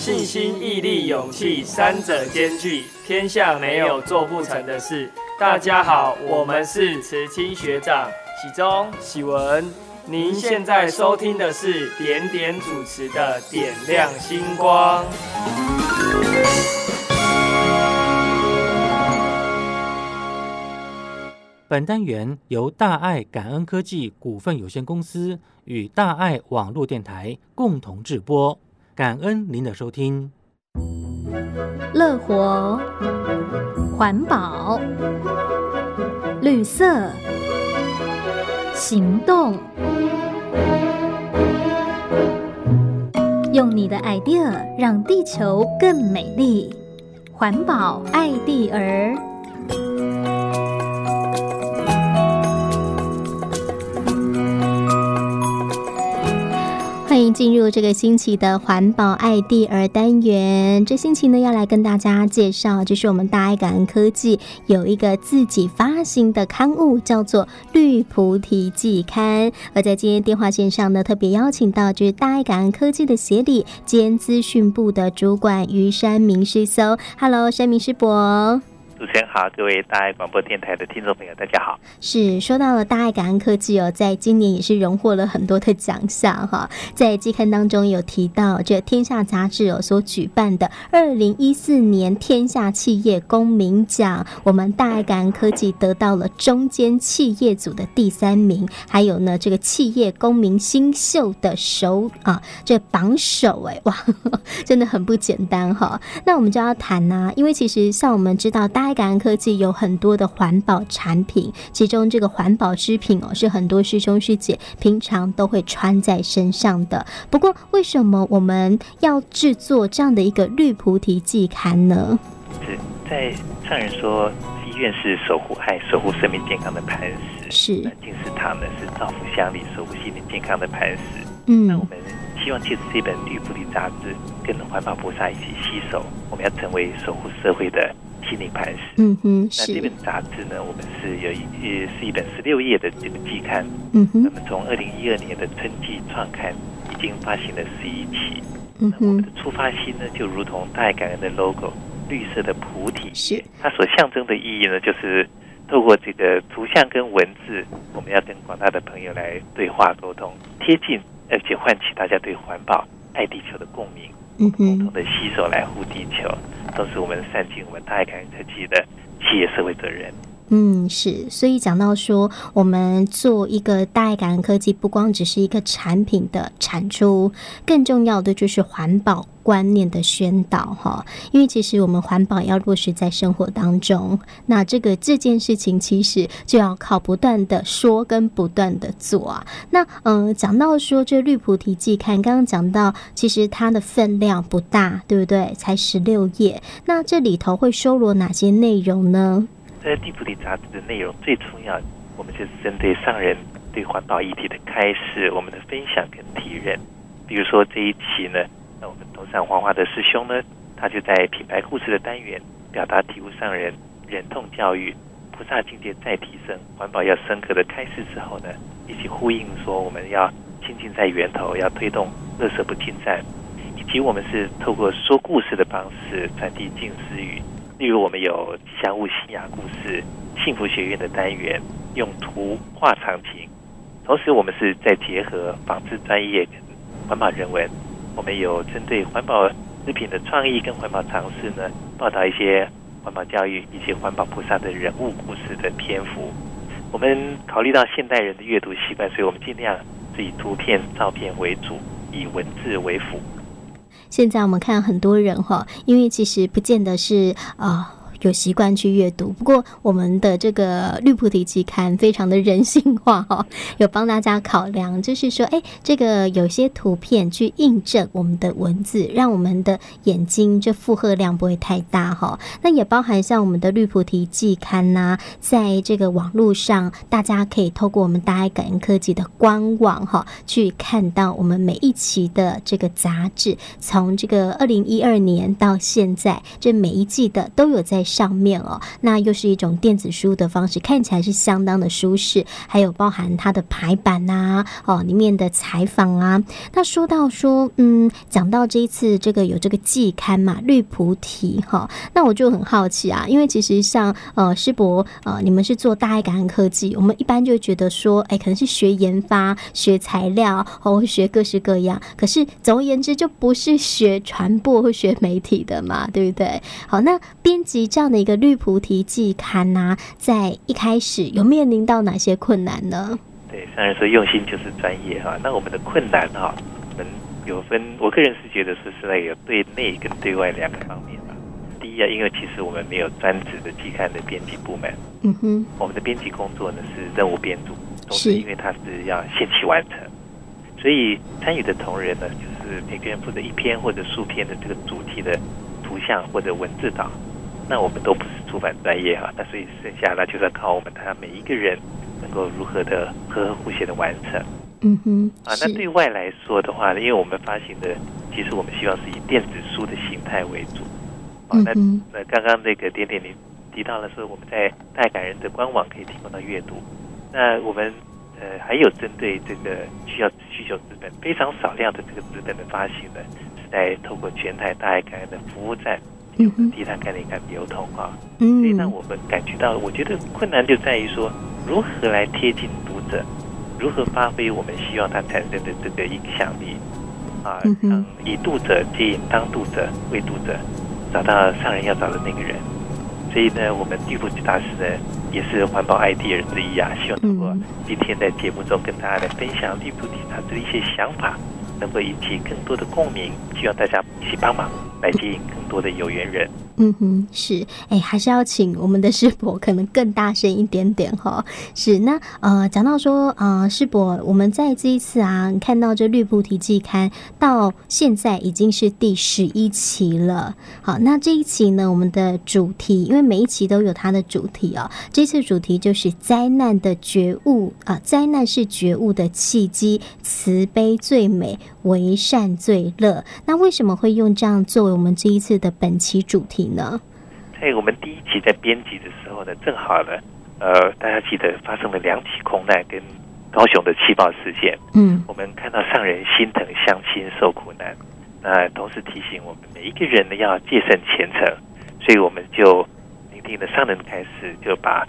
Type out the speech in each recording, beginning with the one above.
信心、毅力、勇氣三者兼具，天下沒有做不成的事。大家好，我們是慈青學長喜中喜文。您現在收聽的是點點主持的《點亮星光》。本單元由大愛感恩科技股份有限公司與大愛網路電台共同制播。感恩您的收聽，樂活環保綠色行動，用你的 idea 讓地球更美麗，環保愛地兒。進入這個星期的環保愛地兒單元，這星期呢要來跟大家介紹，就是我們大愛感恩科技有一個自己發行的刊物，叫做《綠菩提季刊》。我在今天電話線上呢，特別邀請到就是大愛感恩科技的協理兼資訊部的主管虞珊明師伯。Hello，珊明師伯。主持人好，各位大愛廣播電台的聽眾朋友，大家好。是說到了大愛感恩科技哦，在今年也是榮獲了很多的獎項哈。在季刊當中有提到，這《天下雜、哦》雜誌哦所舉辦的二零一四年《天下企業公民獎》，我們大愛感恩科技得到了中間企業組的第三名，還有呢這個企業公民新秀的首啊這榜首哎哇呵呵，真的很不簡單哈、哦。那我們就要談呢、啊，因為其實像我們知道大愛感恩科技有很多的環保產品，其中這個環保織品哦，是很多師兄師姐平常都會穿在身上的。不過，為什麼我們要制作這樣的一個綠菩提季刊呢？是在上人說，醫院是守護愛、守護生命健康的磐石；是靜思堂呢，是造福鄉里、守護心靈健康的磐石。嗯，那我們希望借着這本綠菩提雜誌，跟環保菩薩一起攜手，我們要成為守護社會的。心靈磐石。嗯哼，是。那這本雜誌呢，我們是有一是一本十六頁的這個季刊。嗯哼。那麼從二零一二年的春季創刊，已經發行了十一期。嗯哼那我們的出發心呢，就如同大愛感恩的 logo，綠色的菩提。是它所象徵的意義呢，就是透過這個圖像跟文字，我們要跟廣大的朋友來對話溝通，貼近而且喚起大家對環保、愛地球的共鳴。共、嗯、同，同的攜手來護地球，同時我們善盡我們大愛感恩科技的企業社會責任。嗯，是，所以講到說，我們做一個大愛感恩科技，不光只是一個產品的產出，更重要的就是環保觀念的宣導，哈。因為其實我們環保要落實在生活當中，那這個這件事情其實就要靠不斷的說跟不斷的做啊。那嗯、呃，講到說這《綠菩提季刊》，剛剛講到，其實它的分量不大，對不對？才十六頁，那這裡頭會收錄哪些內容呢？在地菩提雜誌的內容最重要。我們就是針對上人對環保議題的開示，我們的分享跟體認。比如說，這一期呢，那我們頭上黃華德師兄呢，他就在品牌故事的單元表達體悟上人忍痛教育菩薩境界再提升環保要深刻的開示之後呢，一起呼應說，我們要清淨在源頭，要推動垃圾不侵占。以及我們是透過說故事的方式傳遞靜思語。例如，我們有吉祥物、信仰故事、《幸福學院》的單元，用圖畫藏品。同時，我們是在結合紡織專業、環保人文。我們有針對環保製品的創意跟環保嘗試呢，報道一些環保教育、一些環保菩薩的人物故事的篇幅。我們考慮到現代人的閱讀習慣，所以我們盡量是以圖片、照片為主，以文字為輔。現在我們看很多人哈，因為其實不見得是啊。呃有習慣去閱讀，不過我們的這個《綠菩提季刊》非常的人性化哦。有幫大家考量，就是說，誒、哎，這個有些圖片去印證我們的文字，讓我們的眼睛這負荷量不會太大哈。那也包含像我們的《綠菩提季刊》啊吶，在這個網絡上，大家可以透過我們大愛感恩科技的官網哈，去看到我們每一期的這個雜誌，從這個二零一二年到現在，這每一季的都有在。上面哦，那又是一種電子書的方式，看起來是相當的舒適，還有包含它的排版吶、啊，哦，裡面的採訪啊。那說到說，嗯，講到這一次這個有這個季刊嘛，《綠菩提》哈、哦，那我就很好奇啊，因為其實像呃，師伯呃，你們是做大愛感恩科技，我們一般就覺得說，哎，可能是學研發、學材料，哦，學各式各樣，可是總而言之，就不是學傳播或學媒體的嘛，對不對？好，那編輯。這樣的一個《綠菩提季刊》呢，在一開始有面臨到哪些困難呢？對，上人說用心就是專業哈。那我們的困難哈，能有分，我個人是覺得說是那有對內跟對外兩個方面吧。第一啊，因為其實我們沒有專職的季刊的編輯部門。嗯哼。我們的編輯工作呢是任務編組，同時因為它是要限期完成，是所以參與的同仁呢，就是每個人負責一篇或者數篇的這個主題的圖像或者文字稿。那我們都不是出版專業哈、啊，那所以剩下的就是要靠我們他每一個人能夠如何的和和諧的完成。嗯哼，啊，是那對外來說的話，因為我們發行的，其實我們希望是以電子書的形態為主。啊、嗯哼那嗯。那剛剛那個點點你提到了說，我們在大愛感恩的官網可以提供到閱讀。那我們呃還有針對這個需要需求紙本非常少量的這個紙本的發行呢，是在透過全台大愛感恩的服務站。有低碳概念、有流通啊，所以呢，我們感覺到，我覺得困難就在於說，如何來貼近讀者，如何發揮我們希望它產生的這個影響力啊，嗯，以讀者接引當讀者為讀者，找到上人要找的那個人。所以呢，我們綠菩提季刊呢，也是環保愛地兒之一啊，希望通過今天在節目中跟大家來分享綠菩提季刊的一些想法，能夠引起更多的共鳴，希望大家一起幫忙。來吸引更多的有緣人。嗯哼，是，哎，還是要請我們的師伯可能更大聲一點點哈。是，那呃，講到說，呃，師伯，我們在這一次啊，看到這《綠菩提季刊》到現在已經是第十一期了。好，那這一期呢，我們的主題，因為每一期都有它的主題哦。這次主題就是災難的覺悟啊，呃，災難是覺悟的契機，慈悲最美，為善最樂。那為什麼會用這樣做？我們這一次的本期主題呢，在我們第一期在編輯的時候呢，正好呢，呃，大家記得發生了兩起空難跟高雄的氣爆事件，嗯，我們看到上人心疼鄉親受苦難，那同時提醒我們每一個人呢要戒慎前程，所以我們就擬定的上人開始就把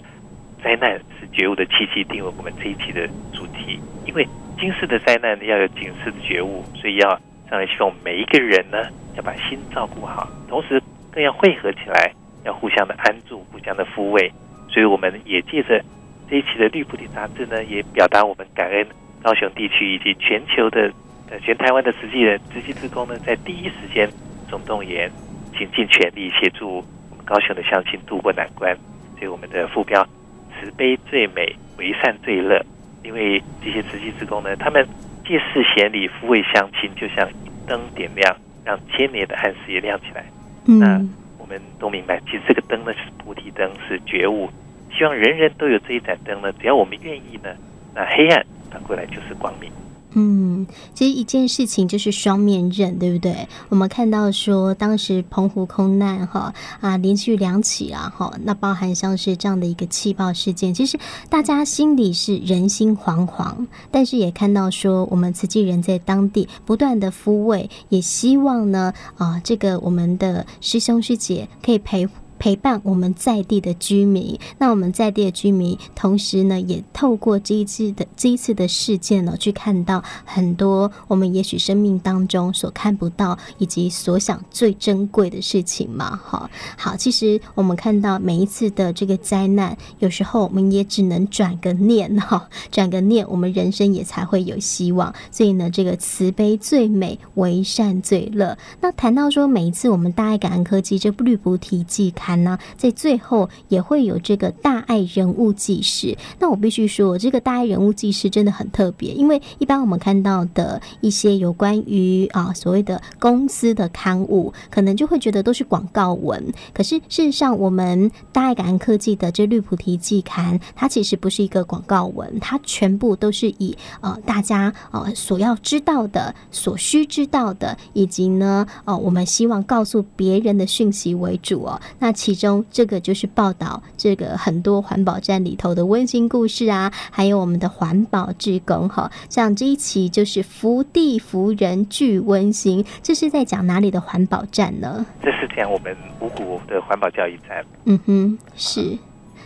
災難是覺悟的契機，定為我們這一期的主題，因為今世的災難呢要有警示的覺悟，所以要上人希望每一個人呢。要把心照顧好，同時更要匯合起來，要互相的安住，互相的撫慰。所以，我們也借着這一期的綠菩提雜誌呢，也表達我們感恩高雄地區以及全球的、呃、全台灣的慈濟人、慈濟志工呢，在第一時間總動員，傾盡全力協助我們高雄的鄉親渡過難關。所以，我們的副標“慈悲最美，為善最樂”，因為這些慈濟志工呢，他們借事顯理，撫慰鄉親，就像一燈點亮。讓千年的暗室也亮起來。那我們都明白，其實這個燈呢是菩提燈，是覺悟。希望人人都有這一盞燈呢。只要我們願意呢，那黑暗反過來就是光明。嗯，其實一件事情就是雙面刃，對不對？我們看到說，當時澎湖空難哈啊，連續兩起啊，哈，那包含像是這樣的一個氣爆事件，其實大家心裡是人心惶惶，但是也看到說，我們慈濟人在當地不斷的撫慰，也希望呢啊，這個我們的師兄師姐可以陪。陪伴我們在地的居民，那我們在地的居民，同時呢，也透過這一次的這一次的事件呢，去看到很多我們也許生命當中所看不到以及所想最珍貴的事情嘛，哈，好，其實我們看到每一次的這個災難，有時候我們也只能轉個念，哈，轉個念，我們人生也才會有希望。所以呢，這個慈悲最美，為善最樂。那談到說每一次我們大愛感恩科技這綠菩提季刊。呢，在最後也會有這個大愛人物記事。那我必須說，這個大愛人物記事真的很特別，因為一般我們看到的一些有關於啊、呃、所謂的公司的刊物，可能就會覺得都是廣告文。可是事實上，我們大愛感恩科技的這《綠菩提季刊》，它其實不是一個廣告文，它全部都是以呃大家呃所要知道的、所需知道的，以及呢呃我們希望告訴別人的訊息為主哦。那其中這個就是報道這個很多環保站裡頭的溫馨故事啊，還有我們的環保志工哈，像這一期就是福地福人聚溫馨，這是在講哪裡的環保站呢？這是講我們五股的環保教育站。嗯哼，是。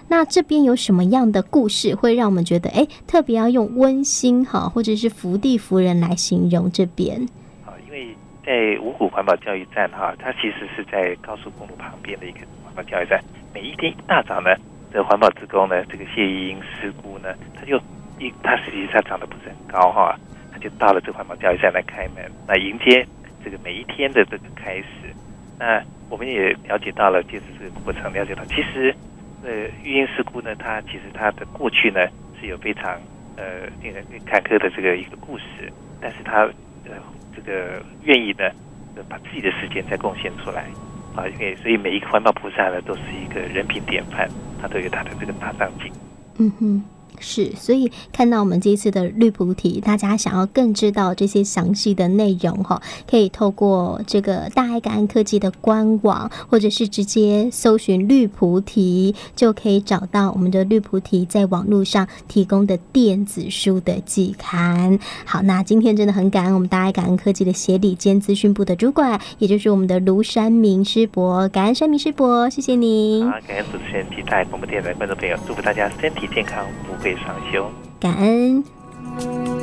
那這邊有什麼樣的故事會讓我們覺得哎特別要用溫馨哈，或者是福地福人來形容這邊？好，因為在五股環保教育站哈，它其實是在高速公路旁邊的一個。環保教育站，每一天一大早呢，這個、環保職工呢，這個謝玉英師姑呢，他就一他實際上長得不是很高哈，他就到了這個環保教育站來開門，來迎接這個每一天的這個開始。那我們也了解到了，就是這個過程，了解到其實呃玉英師姑呢，他其實他的過去呢是有非常呃令人坎坷的這個一個故事，但是他呃這個願意的把自己的時間再貢獻出來。啊，因為所以每一個環保菩薩呢，都是一個人品典範，他都有他的這個大藏經。嗯哼。是，所以看到我們這次的綠菩提，大家想要更知道這些詳細的內容哈，可以透過這個大愛感恩科技的官網，或者是直接搜尋綠菩提，就可以找到我們的綠菩提在網絡上提供的電子書的季刊。好，那今天真的很感恩我們大愛感恩科技的協理兼資訊部的主管，也就是我們的虞珊明師伯，感恩珊明師伯，謝謝您。好、啊，感謝主持人及在廣播電台觀眾朋友，祝福大家身體健康，非常秀感恩。感恩。